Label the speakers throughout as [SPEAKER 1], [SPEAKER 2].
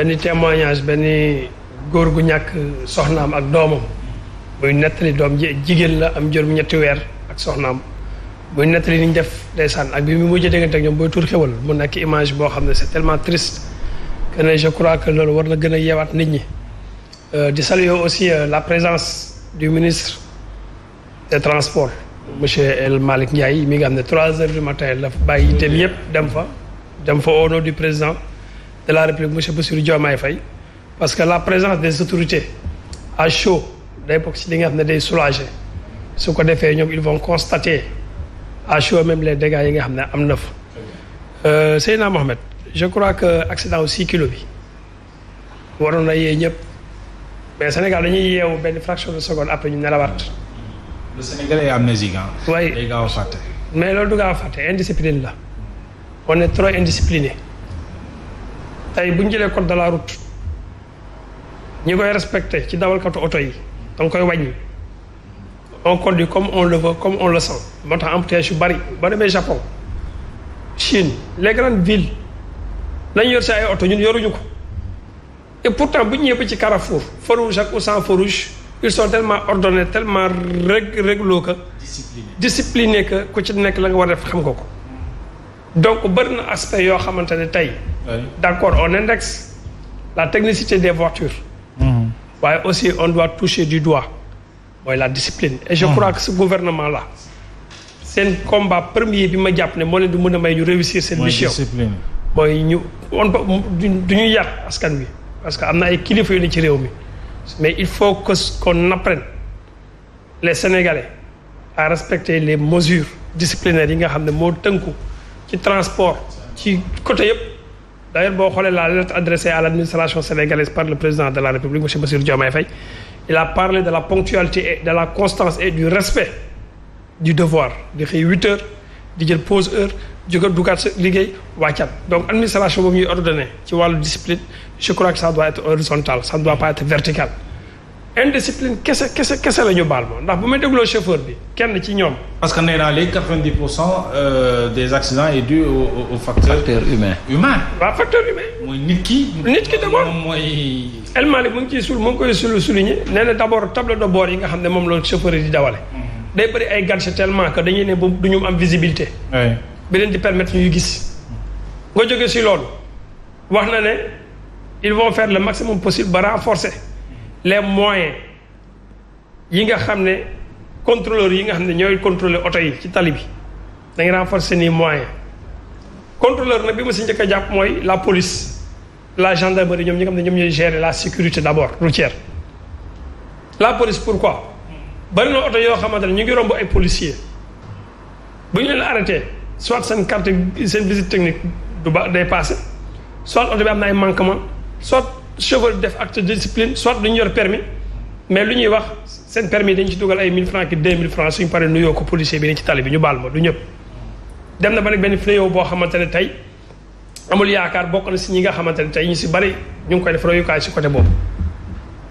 [SPEAKER 1] benn témoignage benn góor gu ñàkk soxnaam ak doomam buy nettali doom jigéen la am juróom ñetti weer ak soxnaam buy nettali ni ñu def ndeysaan ak bi mu mujjee déggante ak ñoom booy tur xewal mu nekk image boo xam ne c'est tellement triste que je crois que loolu war na gën a yeewaat nit ñi euh, di saluer aussi euh, la présence du ministre des transports monsieur El Malick Ndiaye mi nga xam ne trois heures du matin la bàyyi itam yëpp dem fa dem fa au nom président de la République monsieur Bassirou Diomaye fay parce que la présence des autorités à chaud day bokk ci li nga xam ne day soulager su ko defee ñoom il vont constater à chaud même les dégâts yi nga xam ne am na fa. Euh, Seyna Mohamed je crois que accident wu 6 kilos bi waroon na yee ñëpp mais Sénégal dañuy yeewu benn fraction de seconde après ñu nelawaat. le Sénégalais est amnésique ah. waaye day gaaw a mais loolu du gaaw a fàtte indiscipline la on trois trop indiscipliné. tey bu ñu jëlee code de la route ñi koy respecté ci dawal dawalkatu oto yi danga koy wàññi on conduit comme on le veut comme on le sent moo tax embouteillage yu bari ba demee Japon Chine les grandes villes lañu yor si ay oto ñun yoruñu ko et pourtant bu ñu yëpp ci Carrefour feu rouge ak ou sans feu rouge ils sont tellement ordonnés tellement rég réglo que discipliné que ku ci nekk la nga war a def xam ko ko donc bëri na aspect yoo xamante ne tey d' accord on indexe la technicité des voitures mhm. waaye aussi on doit toucher du doit mooy la discipline et je mhm. crois que ce gouvernement la seen combat premier bi ma jàpp ne moo leen di mën a may ñu réussir seen mission mooy ñu on du ñu yàq askan wi parce que am na ay kilifa yu ne ci réew mi mais il faut que qu'on apprenne les Sénégalais respecter les mesures disciplinaires yi nga xam ne moo tënku ci transport ci côté yëpp d'ailleurs boo xoolee la lettre adressée à l'administration sénégalaise par le président de la République monsieur Bassirou Diomaye Faye il a parlé de la ponctualité et de la constance et du respect du devoir di xëy huit heures di jël pause heure jóge dugaat sa liggéey wàccaat donc administration boobu ñuy ordonné ci wàllu discipline je crois que ça doit être horizontal ça ne doit pas être vertical indiscipline kese kese kese la ñu baal ma ndax bu may dégloo chauffeur bi kenn ci ñoom. parce que nee naa léegi quatre-vingt-dix pour cent euh, des accidents est dû au au facteur. facteur humain humain. facteur humain. mooy nit ki. nit ki d'abord mooy. El mu ngi ciy sul mu ngi koy sul souligner nee na d'abord tableau de yi nga xam ne moom loolu chauffeur yi di dawale. Mhm. day bëri ay gadget tellement que dañuy ne bu du ñu am visibilité. oui bi leen di permettre ñuy gis. nga jóge si loolu wax na ne ils vont faire le maximum possible ba renforcer. les moyens yi nga xam ne contrôleurs yi nga xam ne ñooy contrôler oto yi ci tali bi dañu renforcer ni moyens contrôleur nag bi ma si njëkk a jàpp mooy la police la gendarmerie ñoom ñi nga xam ñoom ñooy la sécurité d'abord routière la police pourquoi bari na oto yoo xamante ne ñu ngi romb ay policier bu ñu leen arrêté soit seen carte seen visite technique du ba day passé soit oto bi am na ay manquement soit chauffeur bi def acte de discipline soit du ñu yor permis mais lu ñuy wax seen permis dañ ci dugal ay 1000 francs ki 2000 francs suñ paree yoo ko policier bi ne ci tali bi ñu baal ma du ñëpp. dem na ba nag benn fléau boo xamante ne tey amul yaakaar bokk na si ñi nga xamante ne tey ñu si bari ñu ngi koy def royukaay si côté boobu.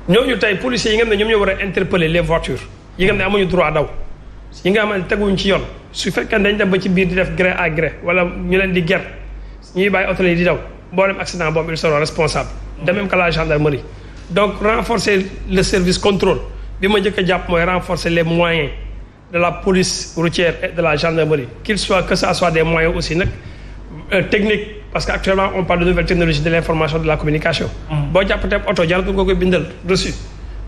[SPEAKER 1] ñooñu tey policiers yi nga xam ñoom war a interpeller les voitures yi nga xam ne amuñu droit daw yi nga am ne teguñ ci yoon su fekkee dañ dem ba ci biir di def gré à gré ñu leen di ger ñuy bàyyi oto yi di daw boo dem accident boobu ils seront responsables. de même que la gendarmerie donc renforcer le service contrôle bi ma jëkk jàpp mooy renforcer les moyens de la police routière et de la gendarmerie qu'il que ça soit des moyens aussi nag euh, technique parce que actuellement on parle de nouvelles technologies de l'information de la communication mm. boo jàpp te oto jaratul nga koy bindal reçu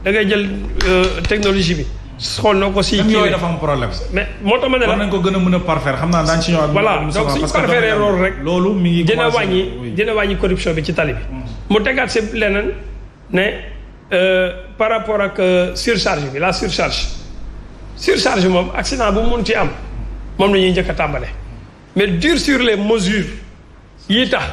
[SPEAKER 1] da ngay jël euh, technologie bi xool noo ko si. kii yooyu dafa am problème. mais moo tax ma ne la nañ ko gën a mën a parfaire xam naa daañu si ñëwaat. voilà donc suñu parfaire loolu rek. loolu mi ngi commencé dina wàññi corruption bi ci tali bi. mu tegaat si leneen ne euh, par rapport ak euh, surcharge bi la surcharge. surcharge moom accident bu mu munti am moom la ñuy njëkk a tàmbale. mais dur sur les mesures yii tax.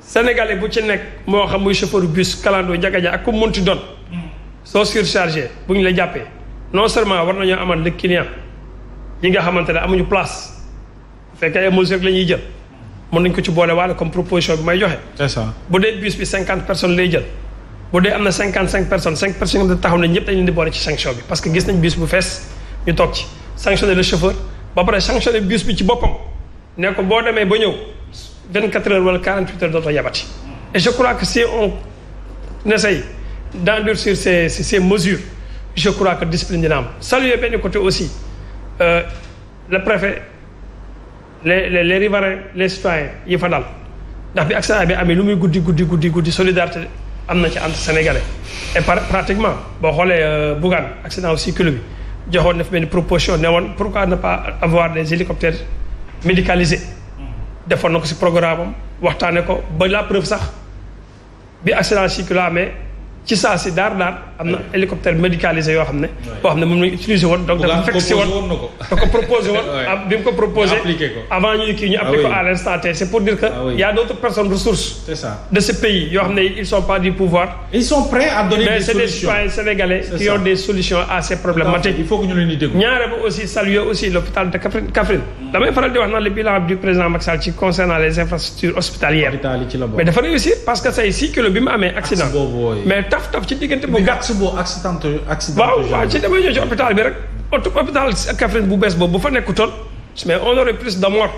[SPEAKER 1] sénégalais bu ci nekk moo xam muy chauffeur bus kalandoo jagaja ak ku munti doon. Hmm. soo surchargé bu ñu la jàppee non seulement war nañoo amal le client ñi nga xamante ne amuñu place bu fekkee ay mesures la ñuy jël mën nañ ko ci boole waale comme proposition bi may joxe. c'est ça bu dee bus bi cinquante personnes lay jël. bu dee am na cinquante cinq personnes cinq personnes da taxaw ne ñëpp dañ leen di boole ci sanction bi parce que gis nañ bus bu fees ñu toog ci sanctionné le chauffeur ba pare sanctionné bus bi ci boppam ne ko boo demee ba ñëw vingt quatre heures wala quarante huit heures dootoo yabati. et je crois que d'endurcir ces ces mesures je crois que discipline dina am saluer benn côté aussi euh, le préfet les les les riverains les citoyens yi fa dal ndax bi accident bi amee lu muy guddi guddi guddi guddi solidarité am na ci entre sénégalais et par pratiquement boo xoolee euh, Bougane accident aussi cycle bi joxoon na fi benn proposition ne woon pourquoi ne pas avoir des hélicoptères médicalisés. defoon na ko si programme am waxtaanee ko ba la preuve sax bi accident cycle amee. ci saa si daar daar am na hélicoptère médicalisé yoo xam ne. boo xam ne moom la ñu utilisé woon. donc dafa fekk si woon da ko proposé woon. Ah, bi ko proposé. avant ñu kii ñu ah appliqué à l'instant T. c' pour dire que ah y' a personnes ressources. de ce pays yoo xam ne ils sont pas du pouvoir. ils sont prêts à donner des solutions mais c' est des citoyens sénégalais. qui ont des solutions à ces problématiques. il faut que aussi saluer aussi l'hôpital damay faral di wax naan le bilan du président Macky ci concernant les infrastructures hospitalières. mais dafa réussir parce que say 6 kilos bi mu amee. accident mais taf taf ci diggante bu gàtt. accident accident bu bees boobu bu fa nekkutoon mais on aurait plus de morts.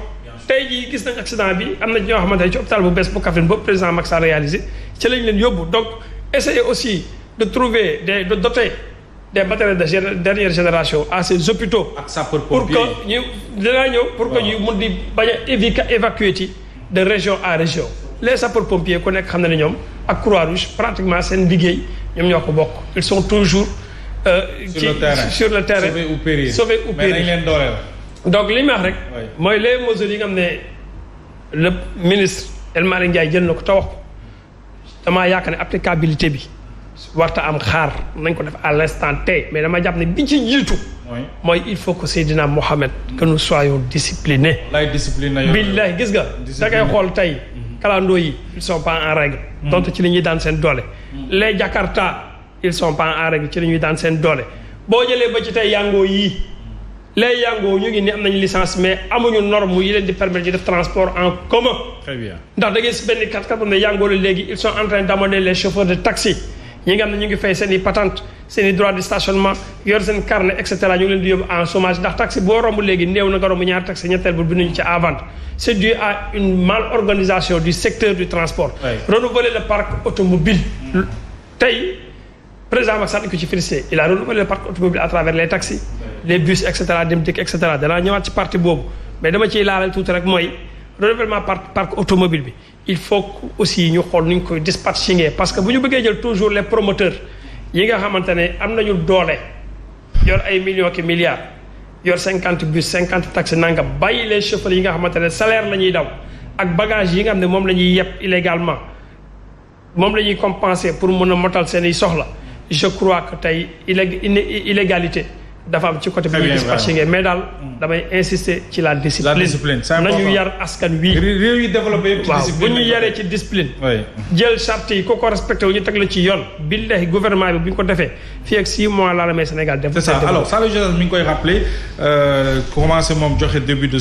[SPEAKER 1] tey jii gis nañ accident bi am na ñoo xamante ne ci hôpital bu bees bu Kaffrine boobu président Macky Sall ci lañ leen yóbbu donc essayer aussi de trouver de doter. des matériels de dernière génération à ces hôpitaux. ak sapeurs-pompiers pour que ñu dinaa ñëw pour que ñu mun di bañ a évica de région à région. les sapeurs-pompiers ku nekk xam na ne ñoom ak Croix-Rouge pratiquement seen liggéey ñoom ñoo ko bokk ils sont toujours. Euh, sur le terrain sur le terrain sauver ou périr sauver ou périr mais nañ donc li rek. mooy les mesures yi nga xam ne le ministre El Malick Ndiaye jël na ko te wax ko damaa yaakaar ne applicabilité bi. warta am xaar nañ ko def à l'instant T mais dama jàpp ne bi ci jiitu. mooy il faut que Seydina Mohamed. que nous soyons disciplinés. wallaay discipliné billahi gis nga. da xool tey. Mhm. kalandoo yi ils sont pas en règle. Mhm. donc ci li ñuy daan seen doole. Mhm. les Jakarta ils sont pas en règle ci li ñuy daan seen doole. boo jëlee ba ci tey yàngoo yii. les yàngoo ñu ngi ni am nañu licence mais amuñu norme yi leen di permettre ñu def transport en commun. ndax da ngay si benn kàttan ne yàngoo la léegi ils sont en train d'amener les chauffeurs ñu ngi am ne ñu ngi fay seen i patente seen i droit de stationnement yor carnet et ñu ngi leen di yóbbu en chômage ndax taxi boo romb léegi néew na nga romb ñaar taxi ñetteel bu binduñu ci avant c' est dû une mal organisation du secteur du transport renouveler le parc automobile tey président Macky Sall di ci félicité il a renouvelé le parc automobile à travers les taxis les bus et dem dikk et cetera danaa ci parti boobu mais dama ciy laalal tuuti rek mooy renouvellement parc parc automobile bi il faut que aussi ñu xool ñu koy dispatchingé parce que bu ñu bëggee jël toujours les promoteurs yi nga xamante ne am nañu doole yor ay millions ki milliards yor cinquante bus cinquante taxi nangam bàyyi les chauffeurs yi nga xamante ne salaire la ñuy daw ak bagage yi nga xam ne moom la ñuy yeb illégalement moom la ñuy compenser pour mun a motal seen i soxla je crois que tey illég illégalité dafa am ci côté bi ñuy dispatché mais daal damay insister ci la discipline. la discipline nañu yar askan wi. réew yi développé yëpp ci discipline waaw bu ñu yaree ci discipline. jël charte yi ko ko respecté wu ñu teg la ci yoon. billahi gouvernement bi ñu ko defee fii ak 6 mois laa la may Sénégal def. c'est ça alors Saliou Joseph mi ngi koy rappelé euh, commencé moom joxe début